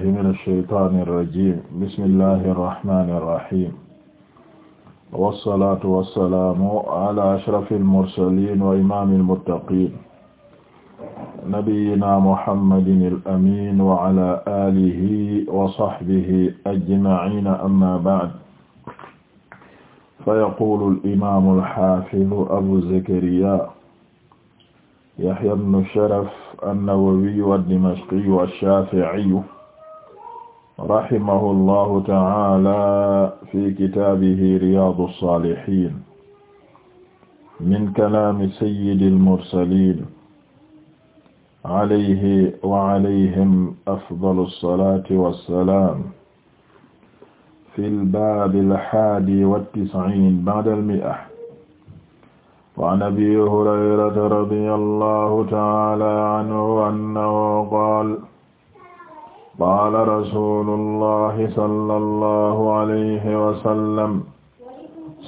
billahi mina shaytaani rajiim bismillahi rahmaani rahiim wassalaatu wassalaamu ala ashrafil mursaliin wa imaamil muttaqiin nabiyyinaa muhammadinil amiin wa ala aalihi wa sahbihi ajmaciina ammaa ba'd fayaquulul imaamul haafidu abu zakariyaa yahyaa ibnu sharaf an-nawawiyu ad-dimashqiyu ash-shaaficiyu rahimahullahu ta'ala fi kitaabihi riyaadu saalihiin min kalaami sayyidil mursaliin alayhi wa alayhim afdalu salaati wa salaam fil baabil haadi wat-tis'iin ba'dal mi'a wa an abii hurayrata radiyallahu ta'ala anhu annahu qaala qaala rasuulullahi sallallahu alayhi wa sallam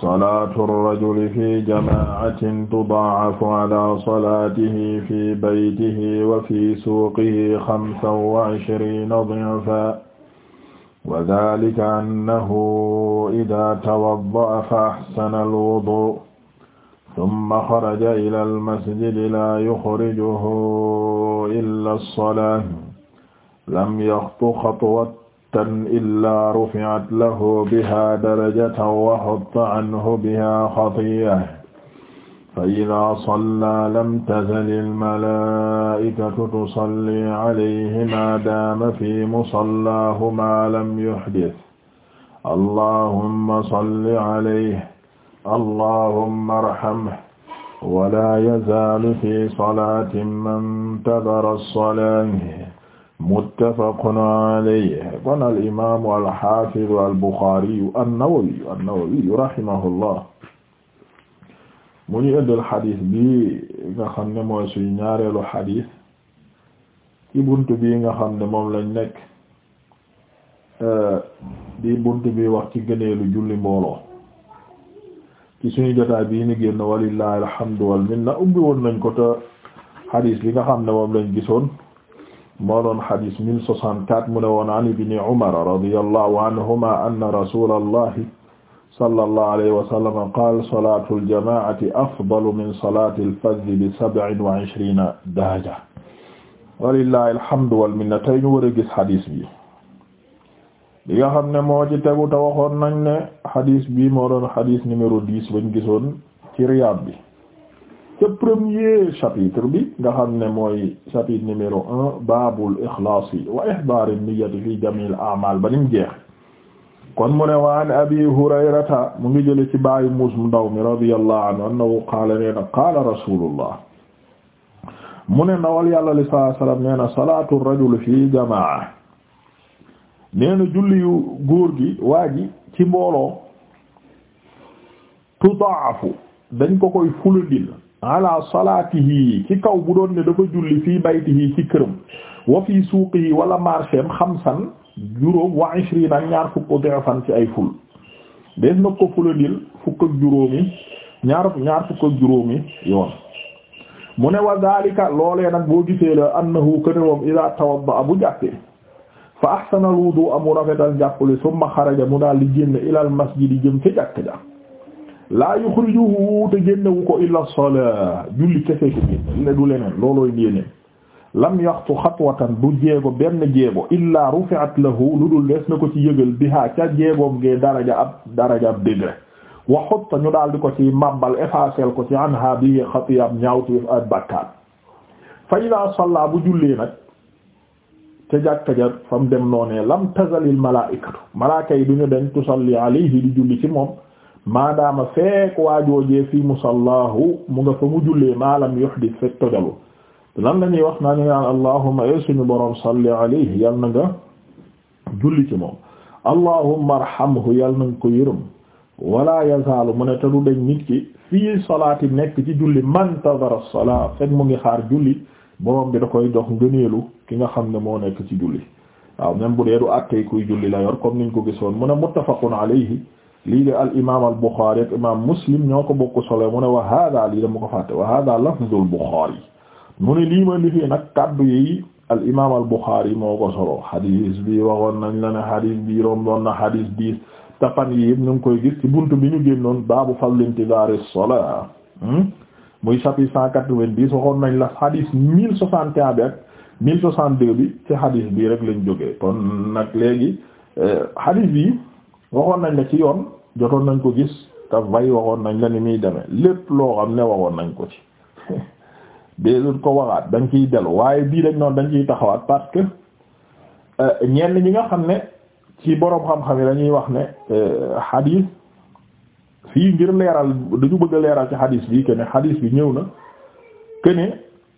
salaatu rajuli fi jamaacatin tudaacafu calaa salaatihi fi baytihi wa fi suuqihi xamsan wa cishriina dicfan wa daalika annahu idaa tawadda'a fa axsana alwuduu'a summa xaraja ilal masjidi laa yuxrijuhu illaa as-salaatu lam yaxtu xatwatan illaa rufi'at lahu biha darajatan wa xutta anhu biha xatiya fa idaa sallaa lam tazali almalaa'ikatu tusalli alayhi maa daama fi musallaahu maa lam yuhdis allahumma salli alayhi allahumma arhamhu wa laa yazaalu fi salaatin man tadara salaatahu muttafaqun alayhi kon al imaamu al haafidu al buxaariyu an-nawawiyu an-nawawiyu rahimahullah mu ñu ëddal xadis bi nga xam ne mooy suy ñaareelu xadis ci buntu bi nga xam ne moom lañ nekk eh, di buntu bi wax ci gëneelu julli mbooloo ci suñu jotaay bii ñu génn walillahi alhamdu wal minna ubbi woon nañ ko te xadis bi nga xam ne moom lañ gisoon moo doon xadis 1064 mu ne woon an ibni Umar radiyallahu anhuma anna rasulallahi sallallahu alayhi wa sallam qaala salaatul jamaa'ati afdalu min salaatil fardhi bi sab'in wa ishriina daraja walillahi alhamdu wal minna tey ñu war a gis xadis nga xam ne moo ci tegu te waxoon nañ ne xadis bi moo doon xadis numéro 10 bañ bi ca premier chapitre bi nga mooy chapitre numéro un baabul ikhlaasi wa ihdaari niyyati fi jamiil a'maal ba nim jeex kon mu waan abi hurayrata mu ngi jële ci baayu muus mu ndaw mi radiyallahu anhu annahu qaala nee na qaala rasulullah mu ne ndawal yàlla fi jamaa nee na julliyu góor gi waa ci mbooloo tudaafu dañ ko koy fulandil ala salaatihi ci kaw bu doon ne dafa julli fii baytihi ci këram wa fii suuqihi wala marchéem xamsan juróom wa ishrina ñaar fukk fan ci ay ful des na ko fulandil fukk ak juróomi ñaar fukk ak juróomi yoon mu ne wa zalika loolee nag boo gisee la annahu kana moom ila tawadda bu jàppee fa ahsana al wudu rafetal jàppale summa xaraja mu daal di génn ila al masjid jëm ca jàkk ja laa yuxrijuhu te génnewu ko illa salaa julli kese ko génne ne du leneen loolooy génne lam yaxtu xatwatan du jéego benn jéego illa rufi'at lahu lu dul des na ko ci yëgal biha ca jéegoom ngee daraja ab daraja wa xutta ñu daal ko ci màbbal effacé ko ci anha bi xatiyam ñaawteef ak bakkaat fa ida salla bu jullee nag ca jàkka ja fa dem noonee lam tazalil malaa'ikatu malaaka yi du ñu dañ tusalli alayhi di julli ci moom maadaama fekk waajoojee fii musallahu mu nga mu jullee maalam yuhdith fekk tojalu lan la ñuy wax naa ñu naan allahumma ee eh, suñu boroom salli alayhi yal na nga julli ci moom allahumma arhamhu yal na nga ko yërëm wala yazaalu mu ne te du deñ nit ki fii salaati nekk ci julli mantazara salaa fekk mu ngi xaar julli boroom bi da koy jox ngëneelu ki nga xam ne moo nekk ci julli waaw même bu dee du àttee julli la yor comme niñ ko gisoon mu ne muttafaqun alayhi lii de al imaam al Buxaari ak imaam Muslim ñoo ko bokk solo mu ne wa hada lii wa hada lafzul Buxaari mu ne lii ma li nag kaddu yi al imaam al Buxaari moo ko solo xadis bi waxoon la ne xadis bi romboon na xadis diis yi yëpp ñu koy gis ci buntu bi ñu génnoon baabu fadl intizaari salaa hmm? muy chapitre cent quatre vingt nañ la xadis mille soixante bi ak deux bi ci xadis bii rek lañ jógee kon nag léegi xadis eh, bi waxoon nañ la ci yoon jotoon nañ ko gis te vay waxoon nañ la ni muy demee lépp loo xam ne waxoon nañ ko ci déedul ko waxaat dañ kiy dellu waaye bii dañ noonu dañ ciy taxawaat parce que euh, ñi nga xam ne ci boroom xam-xam yi dañuy wax ne euh, xadiis fii ngir leeral dañu bëgg a leeral ci xadiis bi que ne xadiis bi ñëw na que ne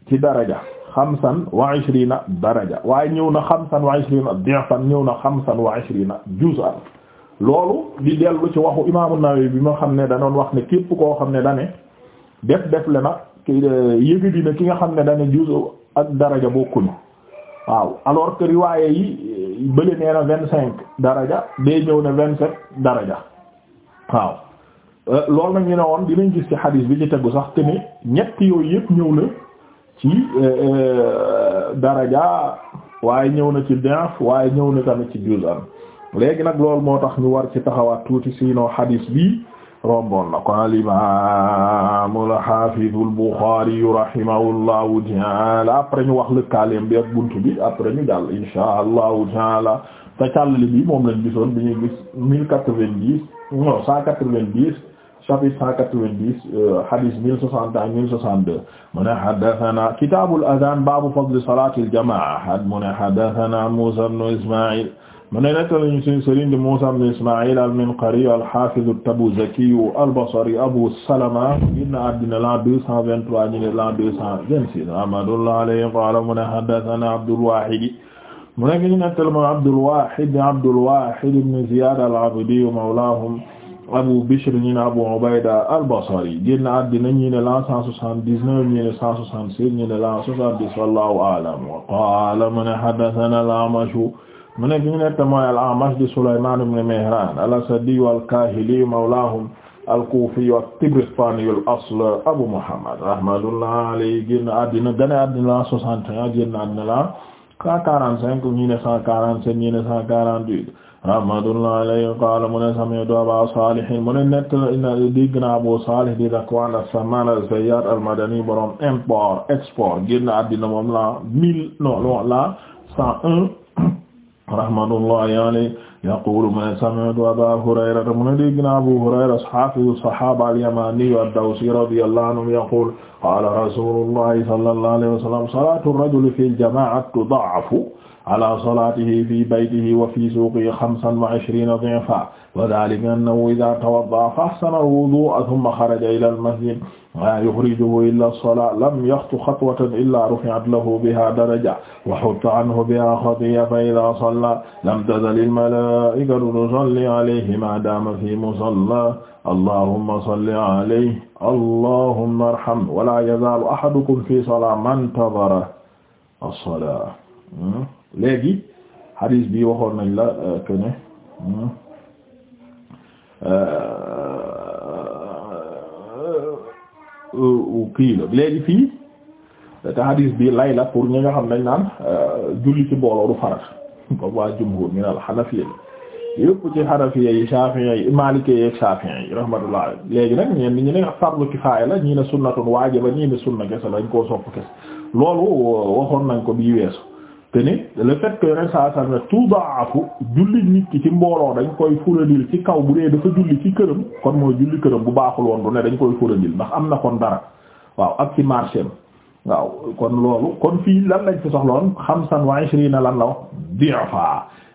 ci daraja xamsan wa ishrina daraja waaye ñëw na xam san wa ishrina di'fan ñëw na xam san wa ishrina juz'an loolu di dellu ci waxu imaamu Nawawi bi ma xam ne da wax ne képp koo xam ne da ne def def le nag euh, yëga dina ki nga xam ne da ne ak daraja bokkuñu waaw alors que waaye yi euh, bële nee na vingt cinq daraja day ñëw ne vingt sept daraja waaw euh, loolu nag ñu ne woon dinañ gis ci xadiis bi ci tegu sax te ñett yooyu yëpp ñëw na ci daraja waaye ñëw na ci denf waaye ñëw na tamit ci juz'an léegi nag loolu moo tax ñu war ci taxawaat tuuti siinoo xadiis bi romboon na kon al imam al hafiz al Bukhari rahimahullahu taala après ñu wax lëkkaaleem bi ak buntu bi après ñu jàll insha allahu taala te càll bi moom lañ gisoon bi ñuy gis mille quatre-vingt-dix non cent quatre-vingt-dix chapitre cent quatre-vingt-dix hadith euh, mille soixante ak mille soixante-deux mu ne haddathana kitabul adhan babu fadl salatil jamaa mu ne haddathana Musa ibn Ismail mu ne nettalañu suñu sëriñ di Muusaa ibn Ismaa'iil al-Minqari al-Haafiz at-Tabuzaki al-Basri Abu Salama génn àddina l'an 223 ñu ne l'an 226 rahmatullahi alayhi qaala mu ne haddathanaa Abdul Waahid mu nekk ñu nettal moom Abdul Waahid Abdul Waahid ibn Ziyaad al-Abdi mawlaahum Abu Bishr ñu ne Abu Ubayda al-Basri génn àddina ñu ne l'an 179 ñu ne 176 ñu ne l'an 70 wallaahu a'lam wa qaala mu ne haddathanaa al-A'mash mu ne ñu netta mooy al-A'mash di Sulaymaan ibn Mihraan al-Asadi al-Kaahili mawlaahum al-Kuufi at-Tabaristaani al-asl Abu Muhammad rahmatullahi alayhi génn àddina gane àddina la 61 génn àddina la 145 ñi ne 147 ñi ne 148 rahmatullahi alayhi qaala mu ne sami'tu Abaa Saalih mu ne nett dégg naa Abu Saalih di Zakwaan as-Sammaan az-Zayyaat al-Madani borom import export génn àddina moom la 1000 non non la 101 rahmatullahi alayhi yaqulu mu ne sami'tu Aba Hurayrata mu ne dégg naa Abu Hurayra hafizu sahaba al-yamani ad-dawsi radiyallahu anhu yaqulu qala rasulullahi sallallahu alayhi wa sallam salatu ar-rajuli fi al-jama'ati tuda'afu ala salatihi fi baytihi wa fi suqihi xamsan wa ishrina di'fan wa dhalika annahu idha tawadda'a fa ahsana al-wudu'a thumma kharaja ila al-masjid maa yuxrijuhu illa as-salaa lam yaxtu xatwatan illaa rufi'at lahu bihaa daraja wa hutta anhu bihaa xatiya fa idaa sallaa lam tazal al-malaa'ikatu tusalli alayhi maa daama fii musallaa allahumma salli alayhi allahumma arhamhu wa laa yazaalu ahadukum fii salaa man tadara as-salaa léegi hadis bi waxoon nañ la euh, que ne hmm, euh, Euh, kii la léegi fii te hadis bi lay la pour ñi nga xam nañ naan euh, julli ci mbooloo du farat comme waa jumhur min al hanafiyya yëpp ci hanafiyya yi shafi'iyya yi malikiyya yi shafi'iyya yi rahmatullah léegi nag ñeen ñi ne fardu kifaaya la ñii ne sunnatun waajiba ñii ne sunna kese lañ koo sopp kese loolu waxoon nañ ko bii weesu te ni le fait que yoneen saa sallam ne tudaafu julli nit ki ci mbooloo dañ koy furadil ci kaw bu dee dafa julli ci këram kon mooy julli këram bu baaxul woon du ne dañ koy furadil ndax am na kon dara waaw ak ci marché am waaw kon loolu kon fii lan lañ fi soxloon xamsan wa ishrina lan la wax di'fa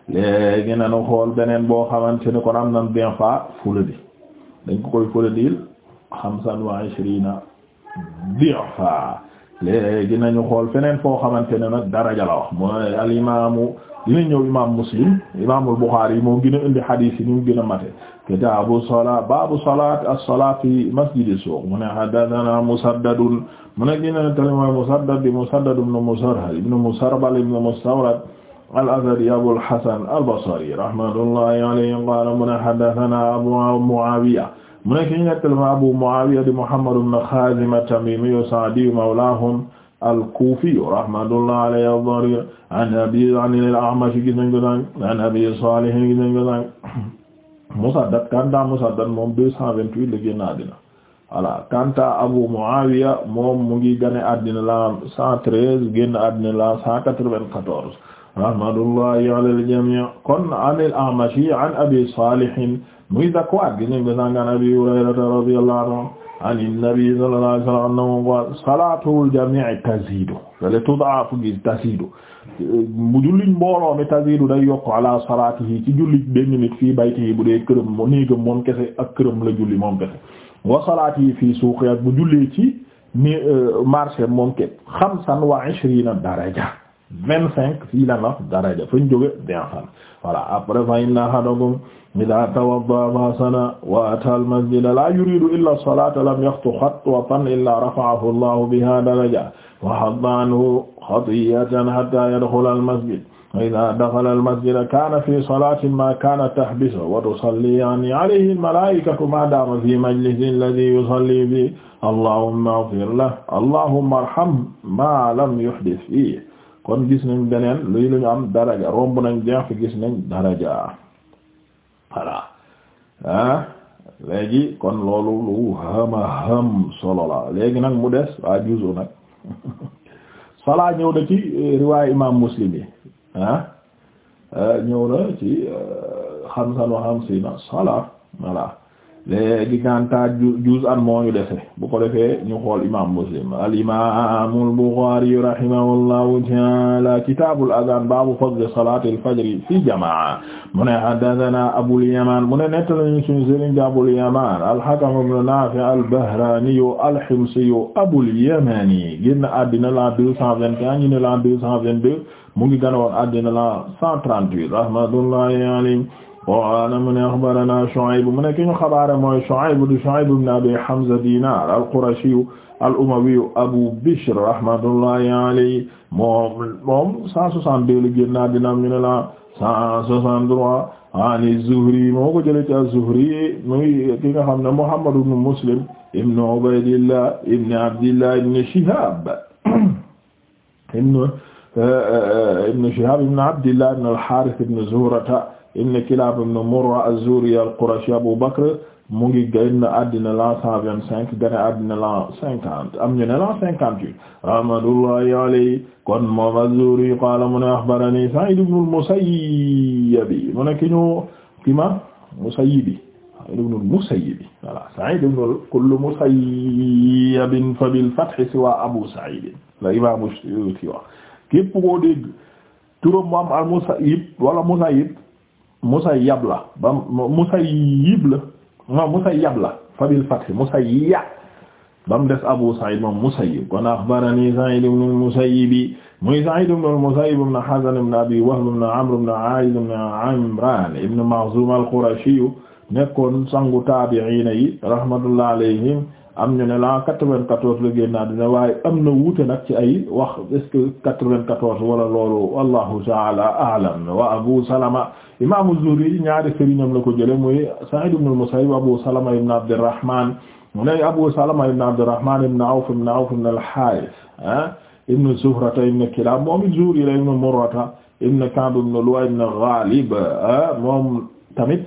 léegi nañu xool beneen boo xamante ne kon am na di'fa furadil dañ ko koy furadil xamsan wa ishrina di'fa léegi nañu xool feneen foo xamante ne nag daraja la wax mooy al imaamu dina ñëw imaam muslim imaamul buxaari yi moom gën a indi xadiis yi ñu gën a mate kitaabu salaa baabu salaat as-salaat fi masjidi suuq mu ne haddathana musaddadun mu ne gën a tali mooy musaddad bi musaddad ibn musarhad ibn musarbal ibn mustawrad al-azdi abul hasan al-basri rahmatullahi alayhi qaala mu ne haddathana abu muawiya mu nekk ñu nettali ma Abu Muawiya di Muhammad ibn Khazim at-Tamimi as-Sa'di mawlahum al-Kufi rahmatullahi alayhi ad-Dari an Abi an al-A'mash gis nañ ko daan an Abi Salih gis nañ ko daan Musaddad kanta Musaddad moom 228 la génn àddina voilà kanta Abu Muawiya moom mu ngi gane àddina la 113 génn àddina la 194 rahmatullahi ala al-jami' kon an al-A'mash an Abi Salih muy Zakwaan gi ñu ngi sàngaan Abi Hurayrata radiyallahu anhu ani nabi sallallahu alayhi wasallam annahu qaala salaatul jamii' taziidu wala tudaafu gi taziidu mu julliñ mbooloo mi taziidu day yokk ala salaatihi ci jullit benn nit fii baytihi bu dee këram mu néegam moom kese ak këram la julli moom kese wa salaatihi fii suuqi ak bu jullee ci ni euh, marché moom képp xamsan wa ishriina daraja vingt cinq fii la na daraja fañ jóge bienfan voilà après fa inna ahadakum idha tawadda fa sana wa ata al masjid la yuridu illa as-salata lam yakhtu khatwatan illa rafa'ahu Allahu biha daraja wa hadda anhu khatiyatan hatta yadkhula al masjid wa idha dakhala al masjid kana fi salatin ma kanat tahbisuhu wa tusalli alayhi al mala'ikatu ma dama fi majlisin alladhi yusalli fihi allahumma ighfir lahu allahumma arham ma lam yuhdith fihi kon gis nañ beneen luy lu ñu am daraja romb nañ jeex gis nañ daraja voilà ah léegi kon loolu lu hama ham solo la léegi nag mu des waa juzu nag salaa ñëw na ci eh, riwaay imam muslim yi ah eh, ñëw na ci eh, xamsan wa xamsina salaa voilà léegi kanta juz an moo de defe bu ko defee ñu xool imam muslim al imam al bukhari rahimahullahu ta'ala kitabul adhan babu fadl salat al fajr fi jamaa mu ne hadathana abul yaman mu ne nettalañu suñu sëriñ abul yaman al hakam ibn nafi al bahrani al himsi abul yamani génn àddina la 221 ñu ne la 222 mu ngi gën a woon àddina la 138 rahmatullahi alayhi qaala mu ne axbaranaa Shuayb mu ne ki ñu xabaare mooy Shuayb di Shuayb ibn Abi Hamza Diinaar al-Qurashiyu al-Umawiyu Abu Bishr rahmatullahi alayhi moom moom 162 lu génn àddina am ñu ne la 163 ani Zuhri moo ko jëlee ci az-Zuhri muy ki nga xam ne Muhammad ibn Muslim ibn Ubaydillah ibn Abdillah ibn Shihab eh, eh, eh, ibn Shihab ibn Abdillah ibn al-Harith ibn Zuhrata ibn Kilaab ibn Murra az-Zuhri al-Qurashi Abu Bakr mu ngi génn àddina la cent vingt cinq gane àddina la cinquante am ñu ne la cinquante huit rahmatullahi alayhi kon moom az-Zuhri qaala mu ne axbarani Sa'iid ibn al-Musayyib mu ne ki ñu ki ma Musayyibi Sa'iid ibn al-Musayyib voilà Sa'iid ibn kullu Musayyib fa bil fath siwa Abu Sa'iid la Imaam Suyuuti wax képp koo dégg turam mu am al-Musayyib wala Musayyib musayyab la ba musayyib la non musayyab la fabil fath musayyab ba mu des Abu Sa'id moom Musayyib kon axbarani Sa'id ibn al-Musayyib muy Sa'id ibn al-Musayyib ibn Hazn ibn Abi Wahb ibn Amr ibn A'id ibn Imran ibn Makhzum al-Qurashi nekkoon sangu taabi'iin yi rahmatullahi alayhim am ñu ne la 94 la génn àddina waaye am na wuute nag ci ay wax est-ce que 94 wala loolu wallahu ta'ala a'lam wa Abu Salama imaamu Zuhri ñaari sëriñam la ko jële muy Sa'id ibn al-Musayyib Abu Salama ibn Abdurrahman mu ne Abu Salama ibn Abdurrahman ibn Awf ibn Awf ibn al-Harith ah, ibn Zuhrata ibn Kilab moom it Zuhri la ibn Murrata ibn Ka'b ibn Lu'ay ibn Ghalib ah, moom tamit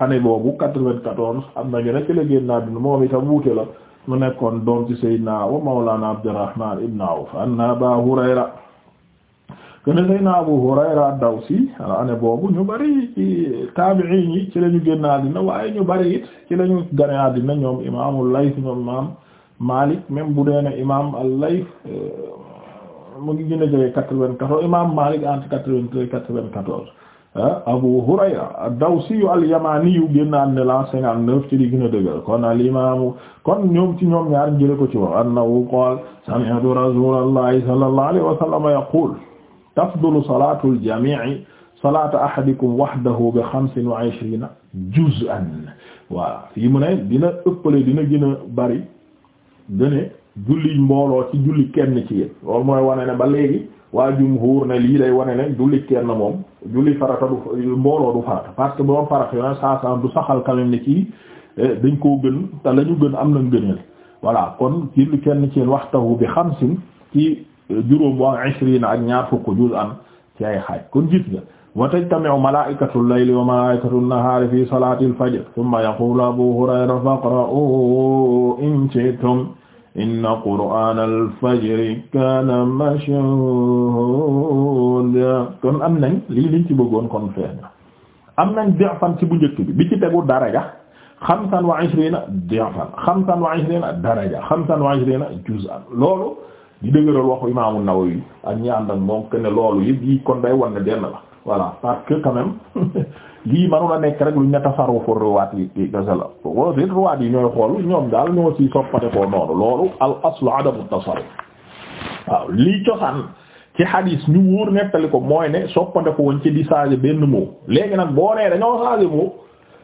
année boobu 94 am na ñu ne ci la génn àddina moom itam wuute la mu nekkoon doom ci Seydina wa Mawlana Abdurrahman ibn Awf anna Aba Hurayra kene Seydina Abu Hurayra dawsi ane boobu ñu bari ci taabi'iin yi ci lañu génn àddina waaye ñu bari it ci lañu gane àddina ñoom imaamul Layth ñoom imaam Maalik même bu dee ne imaam al-Layth euh, mu ngi gën a jege quatre-vingt-quatorze imaam Maalik entre quatre-vingt-treize Ah, Abu Hurayra ad-Dawsi al-Yamani génnaan ne la cinquante-neuf ci li gën a dëgër kon al-imaamu kon ñoom ci ñoom ñaar jële ko ci wax annahu qaala sami'tu rasuulallahi sallallahu alayhi wa sallam yaqul tafdulu salaatu al-jamii'i salaata ahadikum wahdahu bi xamsin wa ishriina juz'an voilà fii mu ne dina ëppale dina gën a bari dene julli mbooloo ci julli kenn ci yéen loolu mooy wane ne ba léegi waa jumhur ne lii day wane ne julli kenn moom julli farata du mbooloo du farata parce que borom farata yoneen saa saa du saxal quand même ne kii eh, te la ñu am na gëneel voilà kon julli kenn ci wax tawu bi xamsin ci eh, juróom waa ishrina ak ñaar fukk juz'an ci ay xaaj kon gis nga wa tajtami'u wa malaa'ikatul nahaari fi salaatil fajr thumma yaqulu abu hurayra faqra'u in shi'tum inna qur'aan al-fajri kaana mashhuuda kon am nañ lii liñ ci bëggoon kon feeñ am nañ di'fan ci bu njëkk bi bi ci tegu daraja xamsan wa ishriina di'fan xamsan wa ishriina daraja xamsan wa ishriina loolu di dëgëral waxu imaamu Nawawi ak ñi ànd ak moom que ne loolu yi kon day wan ne la voilà parce que quand lii manu la nekk rek luñ ne tasarrufu ruwaat yi yi kese yi ñooy xool ñoom daal ñoo ci soppate ko noonu loolu al aslu adamu tasarruf waaw lii cosaan ci hadis ñu wóor nettali ko mooy ne soppante ko woon ci di changer benn mot léegi nag boo nee dañoo changer mot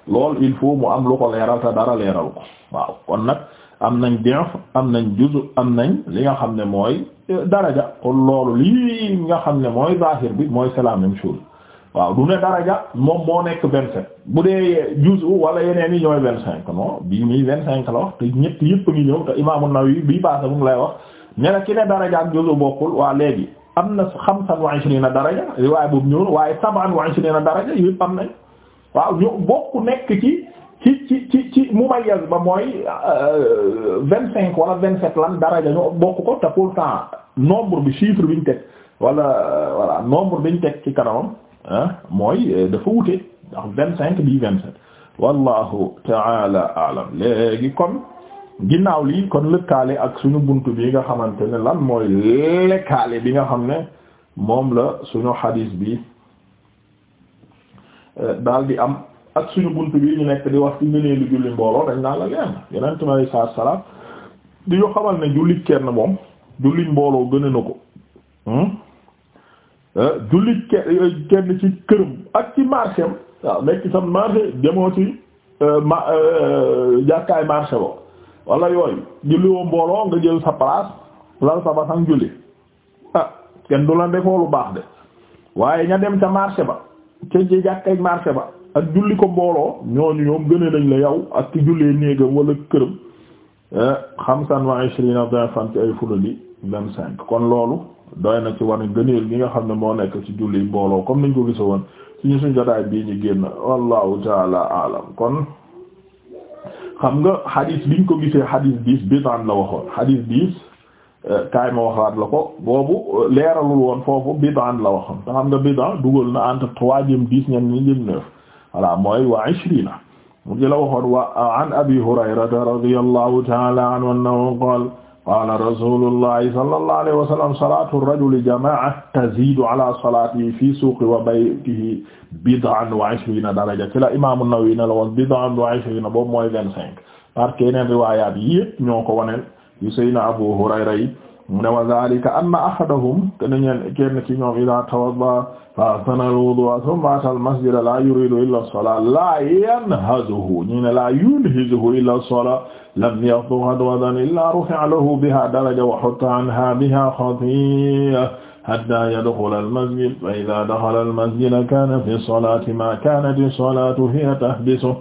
loolu il faut mu am lu ko leeral te dara leeral ko waaw kon nag am nañ di'f am nañ juzu am nañ li nga xam ne mooy euh, daraja kon loolu lii nga xam ne mooy zahir bi mooy c'est la même waaw du ne daraja moom moo nekk vingt sept bu dee juzu wala yeneen yi ñooy vingt cinq non bii nii vingt cinq la wax te ñett yëpp ngi ñëw te Imaam An-Nawawi bii paase mu ngi lay wax ne na ki ne daraja ak juzu bokkul waa léegi am na xamsan wa ishrina daraja riwaay boobu ñëw waaye saban wa ishrina daraja yëpp am nañ waaw ñu bokk nekk ci ci ci ci ci mumayyaz ba mooy euh, vingt cinq wala vingt sept lan daraja ñu bokk ko te pour pourtant nombre bi chiffre biñ teg wala euh, voilà nombre biñ teg ci kanamam. Ah mooy eh, dafa wute ndax vingt cinq bii vingt sept wallahu taala alam léegi kon ginnaaw lii kon lëkkaale ak suñu bunt bi nga xamante ne lan mooy lëkkaale bi nga xam ne moom la suñu xadiis bi eh, daal di am ak suñu bunt bi ñu nekk di wax ci ngëneelu julli mbooloo dañ naa la leen yeneen mi alei salatua di yo xamal ne julli kenn moom julli mbooloo gën a na ko hmm? jullit ah, kenn ci këram ak ci marché am waaw nekk sam marché demoo ci euh, ma euh, jàkkaay marché ba wala yooyu julliwoo mbooloo nga jël sa place lal sa basang julli ah kenn du la defoo lu baax de waaye ña dem ca marché ba ca ci jàkkaay marché ba ak julli ko mbooloo ñooñu ñoom gën a nañ la yow ak ci jullee néegam wala këram eh, xamsan wa a dafan ci ay fulali vingt cinq kon loolu doy na ci wane gëneel gi nga xam ne moo nekk ci julli mbooloo comme niñ ko gise woon suñu suñ jotaay bii ñu génn wallahu taala alam kon xam nga hadith biñ ko gisee hadith dix la waxoon hadith dix euh, kaay ma waxaat la ko boobu euh, leeralul woon foofu bid'an la waxoon te xam nga bid'an dugal na entre trois jëm dix ñi jëm neuf voilà mooy wa ishrina mu ngi la waxoon wa an abi hurayrata radiyallahu taala anhu annahu qala qaala rasulullahi sallallahu alayhi wa sallam salatu rajuli jamaa tazidu ala salatihi fi suuqi wa baytihi bid'an wa ishrina daraja ci la imaamu Nawawi ne la woon bid'an wa ishrina boobu mooy vingt cinq parce que yeneen riwaayaat yépp ñoo ko waneen yu Seydina Abu Hurayra yi mu ne wa zalika anna ahadahum tene ñeen kenn ci ñoom ila tawadda fa ahsana al-wudu'a thumma ata al-masjida la yuridu illa as-salaa la yanhazuhu ñi ne la yunhizuhu illa as-salaa lam yaqdu ghadwatan illa rufi'a lahu biha daraja wa hutta anha biha khati'a hatta yadkhula al-masjid fa idha dakhala al-masjida kana fi as-salati ma kanat as-salatu hiya tahbisuhu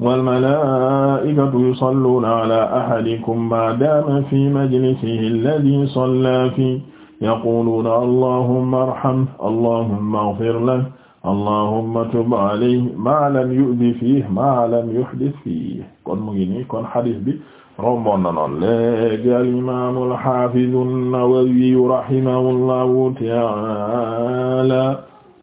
walmalaikatu yusalluuna ala ahadikum maadaama fi majlisihi alladi salla fi yaquluuna allahumma arham allahumma ighfir lah allahumma tub alayhi ma lam yu'di fiihi ma lam yuhdis fiihi kon mu ngi nii kon xadis bi romboon na noon léegi al-imaam al-haafiz an-Nawawi rahimahullahu ta'ala